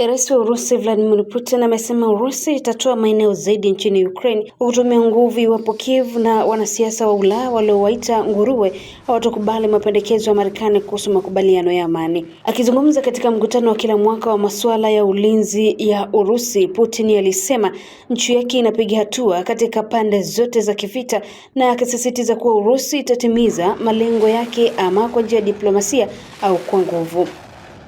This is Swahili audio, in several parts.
Eh, Rais wa Urusi Vladimir Putin amesema Urusi itatoa maeneo zaidi nchini Ukraine kwa kutumia nguvu iwapo Kiev na wanasiasa wa Ulaya waliowaita nguruwe hawatakubali mapendekezo ya Marekani kuhusu makubaliano ya amani. Akizungumza katika mkutano wa kila mwaka wa masuala ya ulinzi ya Urusi, Putin alisema nchi yake inapiga hatua katika pande zote za kivita na akisisitiza kuwa Urusi itatimiza malengo yake ama kwa njia ya diplomasia au kwa nguvu.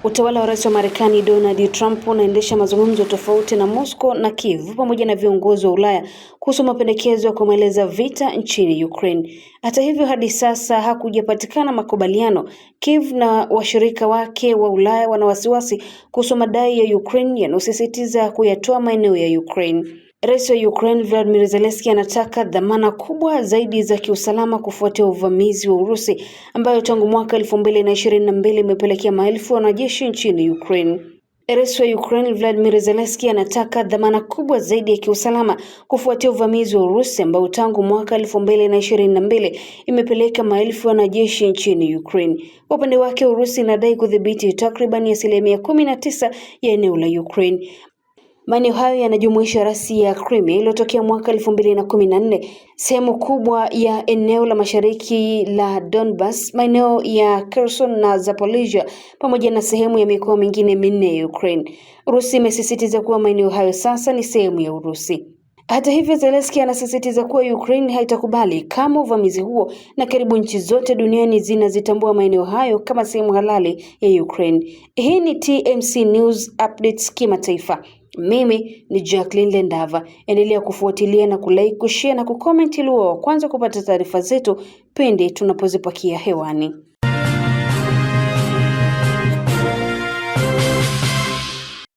Utawala wa Rais wa Marekani Donald Trump unaendesha mazungumzo tofauti na Moscow na Kiev pamoja na viongozi wa Ulaya kuhusu mapendekezo ya kumaliza vita nchini Ukraine. Hata hivyo, hadi sasa hakujapatikana makubaliano. Kiev na washirika wake wa Ulaya wana wasiwasi kuhusu madai ya Ukraine yanayosisitiza kuyatoa maeneo ya Ukraine. Rais wa Ukraine vladimir Zelensky anataka dhamana kubwa zaidi za kiusalama kufuatia uvamizi wa Urusi ambayo tangu mwaka elfu mbili na ishirini na mbili imepelekea maelfu ya wanajeshi nchini Ukraine. Rais wa Ukraine Vladimir Zelensky anataka dhamana kubwa zaidi ya kiusalama kufuatia uvamizi wa Urusi ambao tangu mwaka elfu mbili na ishirini na mbili imepeleka maelfu ya wanajeshi nchini Ukraine. Kwa upande wake, Urusi inadai kudhibiti takriban asilimia kumi na tisa ya eneo la Ukraine. Maeneo hayo yanajumuisha rasi ya Crimea iliyotokea mwaka elfu mbili na kumi na nne, sehemu kubwa ya eneo la mashariki la Donbas, maeneo ya Kherson na Zaporizhia pamoja na sehemu ya mikoa mingine minne ya Ukraine. Urusi imesisitiza kuwa maeneo hayo sasa ni sehemu ya Urusi. Hata hivyo, Zelensky anasisitiza kuwa Ukraine haitakubali kama uvamizi huo, na karibu nchi zote duniani zinazitambua maeneo hayo kama sehemu halali ya Ukraine. Hii ni TMC News Updates kimataifa. Mimi ni Jacqueline Lendava. Endelea kufuatilia na kulike, kushare na kukomenti ili wa kwanza kupata taarifa zetu pindi tunapozipakia hewani.